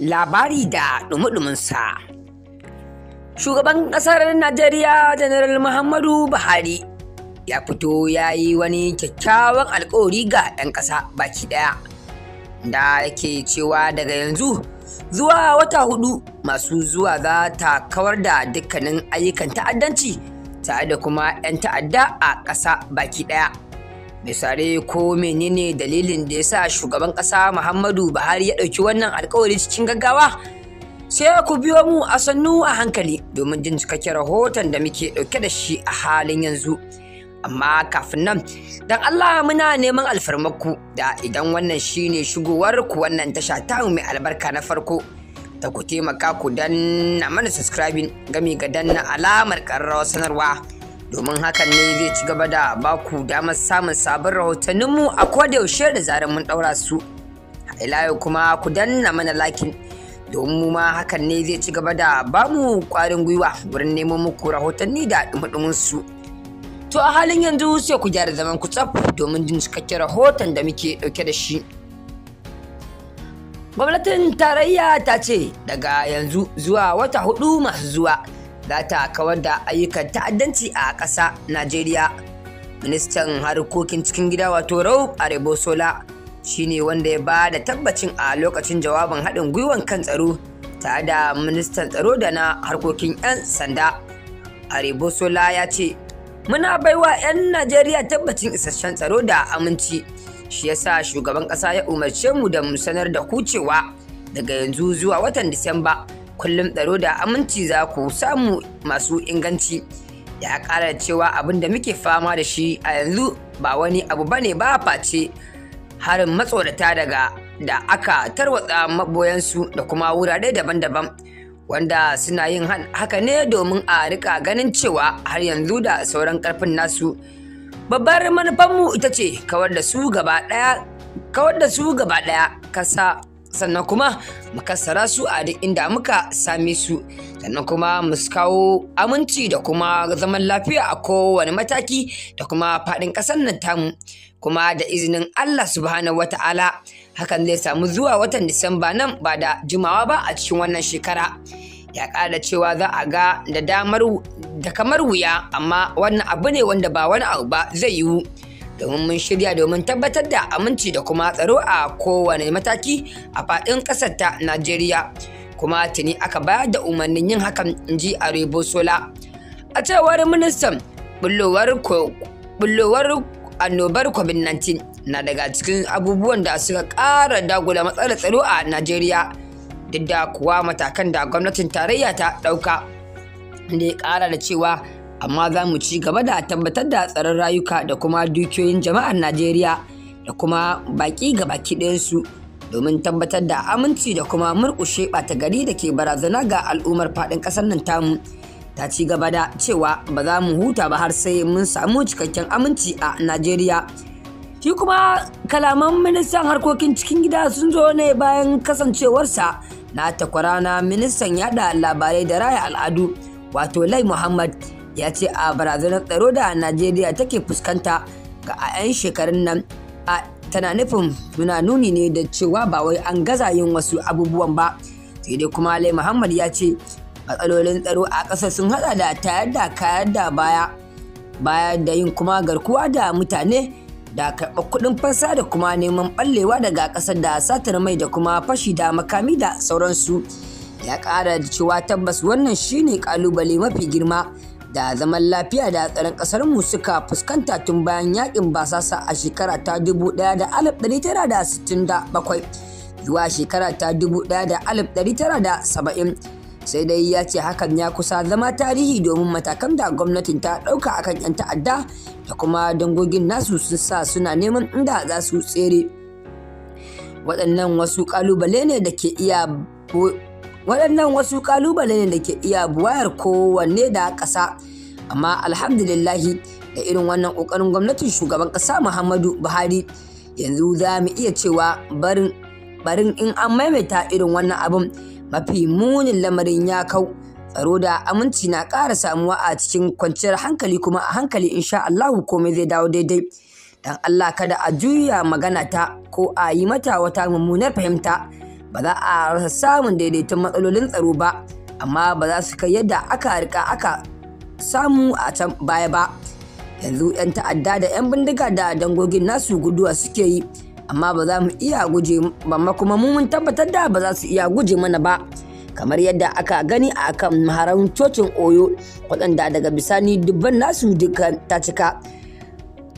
labari da dumudumunsa shugaban ƙasar najeriya janaral muhammadu buhari ya fito ya yi wani kyakkyawan alkawari ga 'yan ƙasa baki ɗaya da yake cewa daga yanzu zuwa wata hudu masu zuwa za ta kawar da dukkanin ayyukan ta'addanci tare da kuma 'yan ta'adda a ƙasa baki ɗaya misare ko menene dalilin da ya sa shugaban ƙasa muhammadu buhari ya ɗauki wannan alkawari cikin gaggawa sai ku biyo mu a sannu a hankali domin jin cikakken rahoton da muke ɗauke da shi a halin yanzu amma kafin nan dan Allah muna neman alfarmaku da idan wannan shine shigowar ku wannan tasha ta mai albarka na farko ta ku taimaka ku danna mana subscribing gami ga danna alamar ƙararrawar sanarwa domin hakan ne zai ci gaba da baku damar samun sabon rahotanninmu a koda yaushe da zaran mun ɗaura su ila yau kuma ku danna mana lakin domin mu ma hakan ne zai ci gaba da mu kwarin gwiwa wurin neman muku rahotanni da ɗumuɗumin su to a halin yanzu sai ku gyara zaman ku tsaf domin jin cikakken rahoton da muke dauke da shi gwamnatin tarayya ta ce daga yanzu zuwa wata hudu masu zuwa za ta kawar da ayyukan ta'addanci a ƙasa najeriya ministan harkokin cikin gida wato rauf shi ne wanda ya ba da tabbacin a lokacin jawabin haɗin gwiwan kan tsaro tare da ministan tsaro da na harkokin 'yan sanda arebosola ya ce muna baiwa 'yan najeriya tabbacin isasshen tsaro da aminci shi yasa shugaban ƙasa ya umarce mu da mu sanar da kucewa daga yanzu zuwa watan disamba kullum tsaro da aminci za ku samu masu inganci ya ƙara cewa abin da muke fama da shi a yanzu ba wani abu ba ne ba face harin matsorata daga da aka tarwatsa maboyansu da kuma wurare daban-daban wanda suna yin haka ne domin a rika ganin cewa har yanzu da sauran karfin nasu babbar manufanmu ita ce kawar da su gaba ɗaya kawar kasa sannan kuma mu kassara su a duk inda muka same su sannan kuma mu kawo aminci da kuma zaman lafiya a kowane mataki da kuma faɗin ƙasar nan tamu kuma da izinin Allah subhanahu wata'ala hakan zai samu zuwa watan Disamba nan ba da jimawa ba a cikin wannan shekara. ya ƙara cewa za a ga da damar da kamar wuya amma wannan abu ne wanda ba wani abu ba zai yiwu domin mun shirya domin tabbatar da aminci da kuma tsaro a kowane mataki a faɗin ƙasar ta Najeriya. Kuma tuni aka bayar da umarnin yin hakan in ji Arebosola. A cewar ministan bullowar annobar COVID-19 na daga cikin abubuwan da suka ƙara dagula matsalar tsaro a Najeriya duk da kuwa matakan da gwamnatin tarayya ta ɗauka. ne ya ƙara da cewa amma za mu ci gaba da tabbatar da tsaron rayuka da kuma dukiyoyin jama'ar najeriya da kuma baki ga baki ɗayansu domin tabbatar da aminci da kuma murƙushe ɓata gari da ke barazana ga al'ummar faɗin ƙasar nan tamu ta ci gaba da cewa ba za mu huta ba har sai mun samu cikakken aminci a najeriya shi kuma kalaman ministan harkokin cikin gida sun zo ne bayan kasancewarsa na takwara na ministan yada labarai da raya al'adu wato lai muhammad ya ce a barazanar tsaro da najeriya take fuskanta ga a 'yan shekarun nan a tana nufin suna nuni ne da cewa ba wai an gaza yin wasu abubuwan ba sai dai kuma alai muhammad ya ce matsalolin tsaro a ƙasar sun hada da tayar da kayar da baya baya da yin kuma garkuwa da mutane da karɓar kuɗin fansa da kuma neman ɓallewa daga ƙasar da satar mai da kuma fashi da makami da sauransu ya ƙara da cewa tabbas wannan shine ƙalubale mafi girma da zaman lafiya da tsaron kasar mu suka fuskanta tun bayan yakin basasa a shekara ta 1967 zuwa shekara ta 1970 sai dai ya ce hakan ya kusa zama tarihi domin matakan da gwamnatin ta ɗauka akan 'yan ta'adda da kuma dangogin nasu sun sa suna neman inda za su tsere waɗannan wasu ƙalubale ne da ke iya waɗannan wasu ƙalubale ne da ke iya buwayar kowanne da ƙasa amma alhamdulillahi da irin wannan ƙoƙarin gwamnatin shugaban ƙasa muhammadu buhari yanzu za mu iya cewa barin in an maimaita irin wannan abin mafi munin lamarin ya kau tsaro da aminci na ƙara samuwa a cikin kwanciyar hankali kuma a hankali insha Allahu komai zai dawo daidai dan Allah kada a juya magana ta ko a yi mata wata mummunar fahimta ba za a rasa samun daidaiton matsalolin tsaro ba amma ba za su kai yadda aka rika aka samu a can baya ba yanzu 'yan ta'adda da 'yan bindiga da dangogin nasu guduwa suke yi amma ba za mu iya guje ba kuma mun tabbatar da ba za su iya guje mana ba kamar yadda aka gani a kan maharan cocin oyo waɗanda daga bisani dubban nasu duka ta cika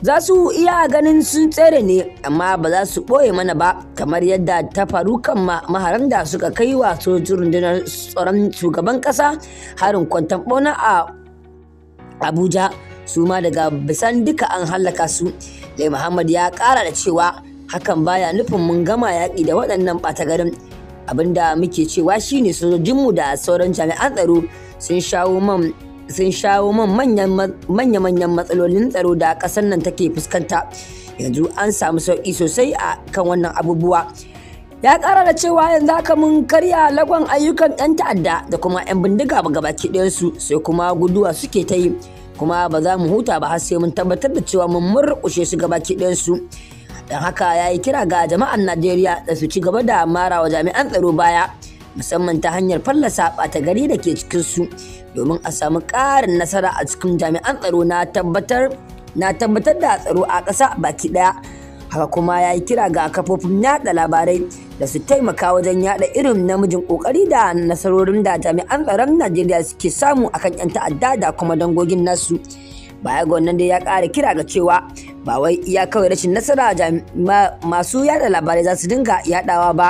za su iya ganin sun tsere ne amma ba za su ɓoye mana ba kamar yadda ta faru kan maharan da suka kai wa sojin rundunar tsaron shugaban ƙasa harin kwantan ɓona a abuja su ma daga bisan duka an hallaka su lai muhammad ya ƙara da cewa hakan baya nufin mun gama yaƙi da waɗannan ɓata garin abinda muke cewa shine sojojinmu da sauran jami'an tsaro sun shawo man sun shawo man manya-manyan matsalolin tsaro da ƙasar nan take fuskanta yanzu an samu sauƙi sosai a kan wannan abubuwa ya ƙara da cewa yanzu haka mun karya lagon ayyukan 'yan ta'adda da kuma 'yan bindiga gabaki ɗayansu sai kuma guduwa suke ta yi kuma ba za mu huta ba har sai mun tabbatar da cewa mun murƙushe su gabaki ɗayansu don haka ya yi kira ga jama'an najeriya da su ci gaba da mara wa jami'an tsaro baya musamman ta hanyar fallasa ɓata gari da ke cikin su domin a samu ƙarin nasara a cikin jami'an tsaro na tabbatar da tsaro a ƙasa baki ɗaya haka kuma ya yi kira ga kafofin yada labarai da su taimaka wajen yada irin namijin kokari da nasarorin da jami'an tsaron najeriya suke samu akan 'yan ta'adda da kuma dangogin nasu baya ga wannan dai ya ƙara kira ga cewa ba wai iya kawai rashin nasara masu yada labarai za su dinga yadawa ba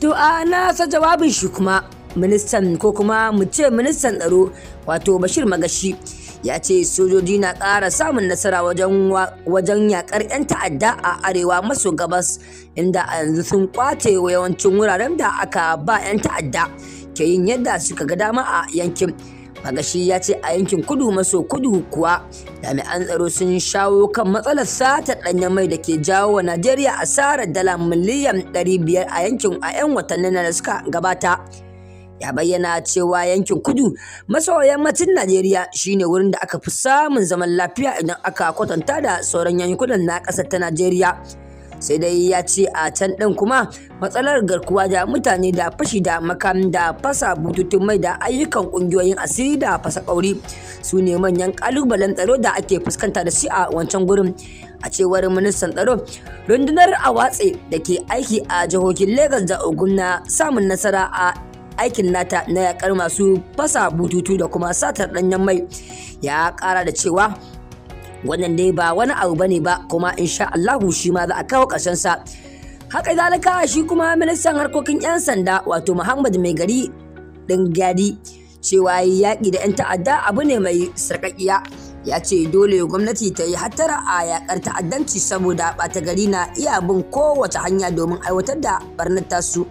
to a nasa jawabin shi kuma ministan ko kuma mu ce ministan tsaro wato bashir magashi ya ce sojoji na ƙara samun nasara wajen yakar 'yan ta'adda a arewa maso gabas inda a yanzu sun kwace yawancin wuraren da aka ba 'yan ta'adda ke yin yadda suka ga dama a yankin magashi ya ce a yankin kudu maso kudu kuwa jami'an tsaro sun shawo kan matsalar sata ɗanyen mai da ke jawo wa najeriya asarar dala miliyan 500 a yankin a 'yan watannin da suka gabata ya bayyana cewa yankin kudu maso yammacin najeriya shine wurin da aka fi samun zaman lafiya idan aka kwatanta da sauran yankunan na ƙasar ta najeriya sai dai ya ce a can ɗin kuma matsalar garkuwa da mutane da fashi da makam da fasa bututun mai da ayyukan ƙungiyoyin asiri da fasa ƙauri su ne manyan ƙalubalen tsaro da ake fuskanta da shi a wancan gurin a cewar ministan tsaro rundunar awatse da ke aiki a jihohin legas da ogun na samun nasara a aikin nata na yakar masu fasa bututu da kuma satar ɗanyen mai ya kara da cewa wannan dai ba wani abu bane ba kuma insha Allahu shi ma za a kawo ƙarshen sa haka zalika shi kuma ministan harkokin 'yan sanda wato Muhammad mai gari ɗin gadi cewa yaƙi da 'yan ta'adda abu ne mai sarƙaƙiya ya ce dole gwamnati ta yi hattara a yaƙar ta'addanci saboda ɓata gari na iya bin kowace hanya domin aiwatar da barnar tasu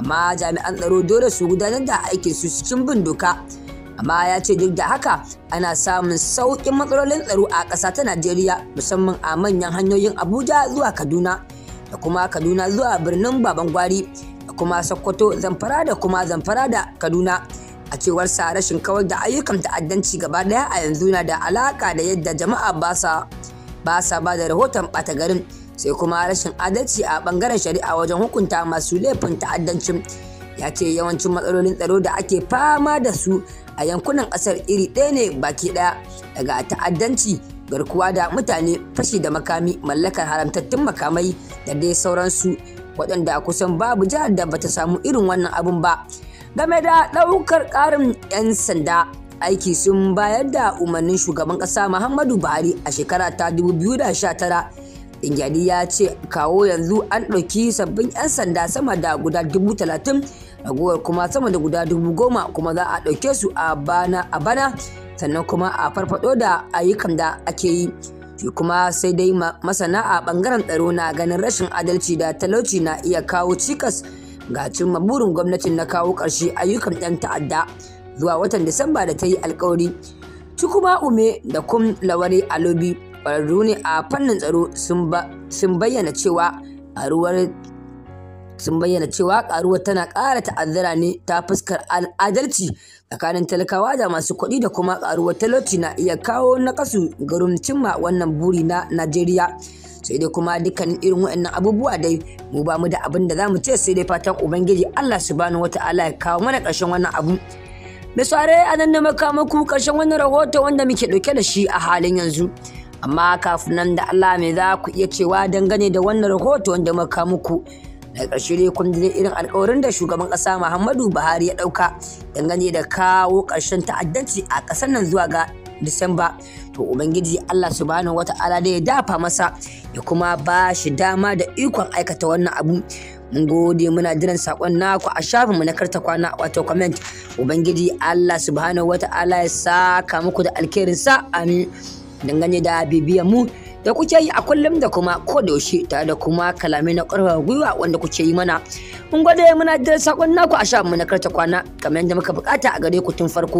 amma jami'an tsaro dole su gudanar da aikin su cikin bin doka amma ya ce duk da haka ana samun sauƙin matsalolin tsaro a ƙasa ta najeriya musamman a manyan hanyoyin abuja zuwa kaduna da kuma kaduna zuwa birnin baban gwari da kuma sokoto zamfara da kuma zamfara da kaduna a cewar sa rashin kawar da ayyukan ta'addanci gaba ɗaya a yanzu na da alaka da yadda jama'a ba sa ba sa ba da rahoton ɓata garin sai kuma rashin adalci a ɓangaren shari'a wajen hukunta masu laifin ta'addancin ya ce yawancin matsalolin tsaro da ake fama da su a yankunan ƙasar iri ɗaya ne baki ɗaya daga ta'addanci garkuwa da mutane fashi da makami mallakar haramtattun makamai da dai sauransu waɗanda kusan babu jihar da bata samu irin wannan abun ba game da ɗaukar ƙarin 'yan sanda aiki sun bayar da umarnin shugaban ƙasa muhammadu buhari a shekara ta 2019 Ingyadi ya ce kawo yanzu an ɗauki sabbin 'yan sanda sama da guda dubu ragowar kuma sama da guda dubu goma kuma za a ɗauke su a bana a bana sannan kuma a farfado da ayyukan da ake yi shi kuma sai dai masana a ɓangaren tsaro na ganin rashin adalci da talauci na iya kawo cikas ga cimma burin gwamnatin na kawo ƙarshe ayyukan ɗan ta'adda zuwa watan disamba da ta yi alkawari Tukuma Ume da Kum Lawari Alobi ƙwararru ne a fannin tsaro sun bayyana cewa a ruwar sun bayyana cewa karuwa tana ƙara ta'azzara ne ta fuskar adalci tsakanin talakawa da masu kuɗi da kuma karuwar talauci na iya kawo nakasu garin cimma wannan buri na najeriya sai dai kuma dukkanin irin waɗannan abubuwa dai mu ba mu da abin da za mu ce sai dai fatan ubangiji allah subhanahu wataala ya kawo mana ƙarshen wannan abu da sare a nan na makamaku ƙarshen wannan rahoto wanda muke ɗauke da shi a halin yanzu amma kafin nan da allah mai za ku iya cewa dangane da wannan rahoto wanda muka muku da ƙarshe dai kun ji irin alkawarin da shugaban ƙasa Muhammadu Buhari ya ɗauka dangane da kawo ƙarshen ta'addanci a ƙasar nan zuwa ga Disamba to Ubangiji Allah subhanahu wata'ala da ya dafa masa ya kuma ba shi dama da ikon aikata wannan abu mun gode muna jiran sakon naku a shafin mu na karta kwana wato comment Ubangiji Allah subhanahu wata'ala ya saka muku da alkhairin sa amin dangane da bibiyar mu da kuke yi a kullum da kuma kodayaushe tare da kuma kalamai na ƙarfafa gwiwa wanda kuke yi mana. Mun gwada muna da saƙon naku a sha mu na karta kwana kamar yadda muka buƙata a gare ku tun farko.